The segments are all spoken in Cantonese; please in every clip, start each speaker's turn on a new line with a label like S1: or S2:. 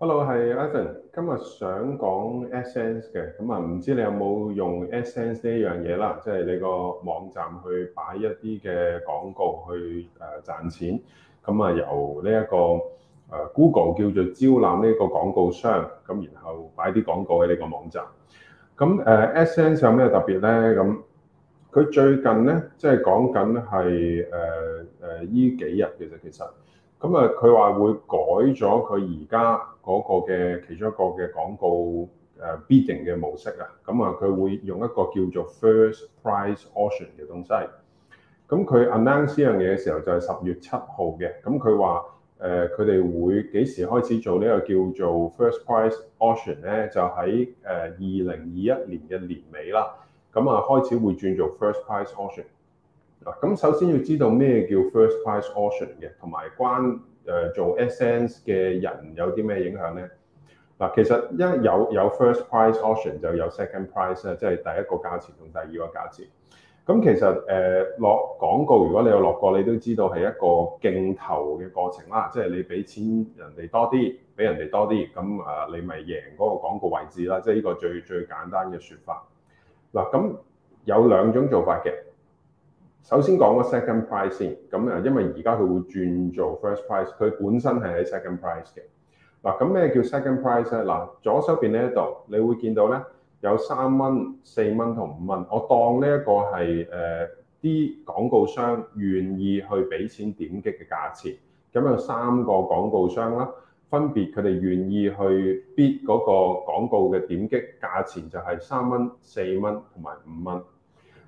S1: Hello，係 Ethan 今日想講 AdSense 嘅，咁啊唔知你有冇用 AdSense 呢樣嘢啦，即係你個網站去擺一啲嘅廣告去誒賺錢。咁啊由呢一個誒 Google 叫做招攬呢個廣告商，咁然後擺啲廣告喺你個網站。咁誒 AdSense 有咩特別咧？咁佢最近咧即係講緊係誒誒依幾日其實其實。咁啊，佢話會改咗佢而家嗰個嘅其中一個嘅廣告誒 bidding 嘅模式啊，咁啊佢會用一個叫做 first price auction 嘅東西。咁佢 announce 呢樣嘢嘅時候就係十月七號嘅，咁佢話誒佢哋會幾時開始做呢個叫做 first price auction 咧？就喺誒二零二一年嘅年尾啦。咁啊開始會轉做 first price auction。嗱，咁首先要知道咩叫 first price auction 嘅，同埋關誒做 essence 嘅人有啲咩影響咧？嗱，其實因為有有 first price auction 就有 second price 咧，即係第一個價錢同第二個價錢。咁其實誒落、呃、廣告，如果你有落過，你都知道係一個競投嘅過程啦，即係你俾錢人哋多啲，俾人哋多啲，咁啊你咪贏嗰個廣告位置啦。即係呢個最最簡單嘅説法。嗱，咁有兩種做法嘅。首先講個 second price 先，咁啊，因為而家佢會轉做 first price，佢本身係喺 second price 嘅。嗱，咁咩叫 second price 咧？嗱，左手邊呢一度，你會見到咧有三蚊、四蚊同五蚊，我當呢一個係誒啲廣告商願意去俾錢點擊嘅價錢。咁有三個廣告商啦，分別佢哋願意去 bid 嗰個廣告嘅點擊價錢就係三蚊、四蚊同埋五蚊。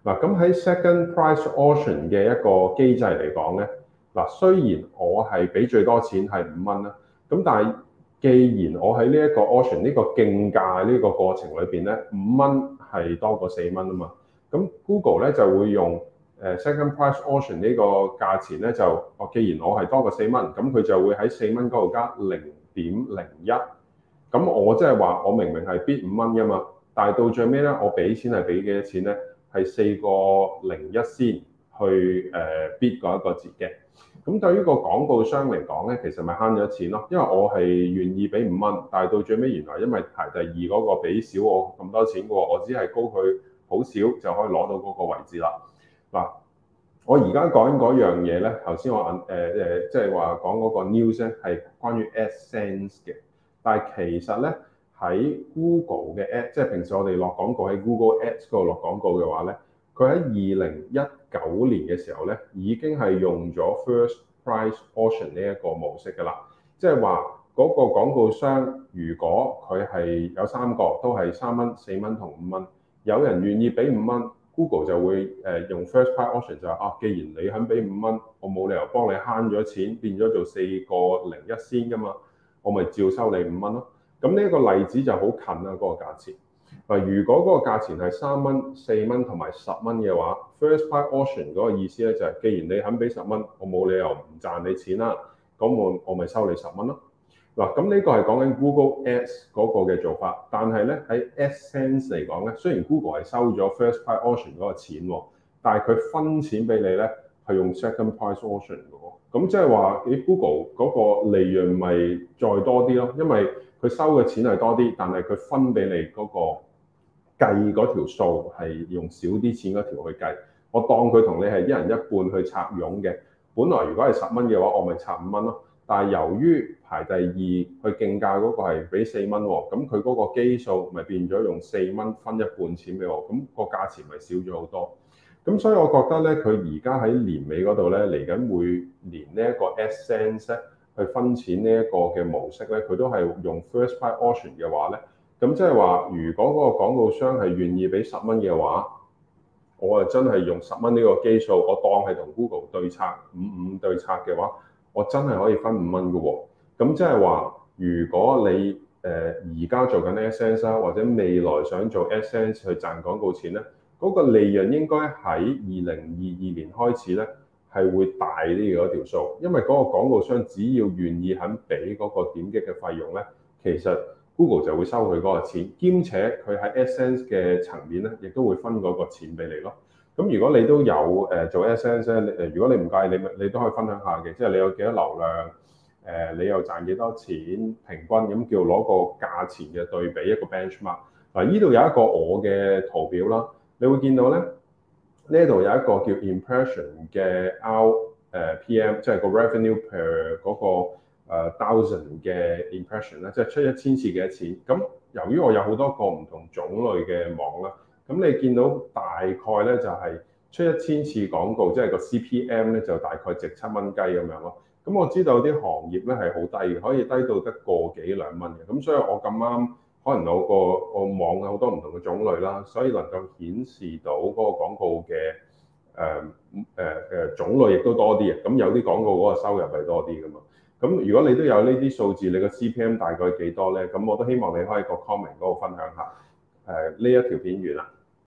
S1: 嗱，咁喺 second price auction 嘅一個機制嚟講咧，嗱，雖然我係俾最多錢係五蚊啦，咁但係既然我喺呢一個 auction 呢個競價呢個過程裏邊咧，五蚊係多過四蚊啊嘛，咁 Google 咧就會用誒 second price auction 呢個價錢咧就，哦，既然我係多過四蚊，咁佢就會喺四蚊嗰度加零點零一，咁我即係話我明明係 bid 五蚊噶嘛，但係到最尾咧我俾錢係俾幾多錢咧？係四個零一先去誒 bid 嗰一個節嘅，咁對於個廣告商嚟講咧，其實咪慳咗錢咯，因為我係願意俾五蚊，但係到最尾原來因為排第二嗰個俾少我咁多錢嘅喎，我只係高佢好少就可以攞到嗰個位置啦。嗱，我而家講嗰樣嘢咧，頭先我誒誒即係話講嗰個 news 咧係關於 AdSense 嘅，但係其實咧。喺 Google 嘅 App，即係平時我哋落廣告喺 Google Ads 嗰度落廣告嘅話呢，佢喺二零一九年嘅時候呢，已經係用咗 First Price Auction 呢一個模式噶啦。即係話嗰個廣告商如果佢係有三個都係三蚊、四蚊同五蚊，有人願意俾五蚊，Google 就會誒用 First Price Auction 就話啊，既然你肯俾五蚊，我冇理由幫你慳咗錢，變咗做四個零一先噶嘛，我咪照收你五蚊咯。咁呢一個例子就好近啦、啊，嗰、那個價錢嗱。如果嗰個價錢係三蚊、四蚊同埋十蚊嘅話，first price auction 嗰個意思咧就係、是，既然你肯俾十蚊，我冇理由唔賺你錢啦。咁我我咪收你十蚊咯。嗱，咁呢個係講緊 Google Ads 嗰個嘅做法，但係咧喺 AdSense 嚟講咧，雖然 Google 係收咗 first price auction 嗰個錢喎，但係佢分錢俾你咧，係用 second price auction 嘅，咁即係話，誒 Google 嗰個利潤咪再多啲咯，因為佢收嘅錢係多啲，但係佢分俾你嗰個計嗰條數係用少啲錢嗰條去計。我當佢同你係一人一半去拆佣嘅，本來如果係十蚊嘅話，我咪拆五蚊咯。但係由於排第二去競價嗰個係俾四蚊喎，咁佢嗰個基數咪變咗用四蚊分一半錢俾我，咁個價錢咪少咗好多。咁所以我覺得咧，佢而家喺年尾嗰度咧，嚟緊會連呢一個 adsense 咧，去分錢呢一個嘅模式咧，佢都係用 first buy option 嘅話咧，咁即係話，如果嗰個廣告商係願意俾十蚊嘅話，我啊真係用十蚊呢個基數，我當係同 Google 對拆五五對拆嘅話，我真係可以分五蚊嘅喎。咁即係話，如果你誒而家做緊 adsense 啊，或者未來想做 adsense 去賺廣告錢咧？嗰個利潤應該喺二零二二年開始咧，係會大啲嘅嗰條數，因為嗰個廣告商只要願意肯俾嗰個點擊嘅費用咧，其實 Google 就會收佢嗰個錢，兼且佢喺 AdSense 嘅層面咧，亦都會分嗰個錢俾你咯。咁如果你都有誒做 AdSense，誒如果你唔介意，你你都可以分享下嘅，即係你有幾多流量，誒你又賺幾多錢平均咁叫攞個價錢嘅對比一個 benchmark。嗱，呢度有一個我嘅圖表啦。你會見到咧呢度有一個叫 impression 嘅 RPM，即係個 revenue per 嗰個誒 thousand 嘅 impression 咧，即係出一千次幾多錢？咁由於我有好多個唔同種類嘅網啦，咁你見到大概咧就係出一千次廣告，即係個 CPM 咧就大概值七蚊雞咁樣咯。咁我知道啲行業咧係好低，可以低到得個幾兩蚊嘅，咁所以我咁啱。可能我個個網有好多唔同嘅種類啦，所以能夠顯示到嗰個廣告嘅誒誒誒種類亦都多啲嘅，咁有啲廣告嗰個收入係多啲㗎嘛。咁如果你都有呢啲數字，你個 CPM 大概幾多咧？咁我都希望你可以個 comment 嗰度分享下，誒、呃、呢一條片完啊。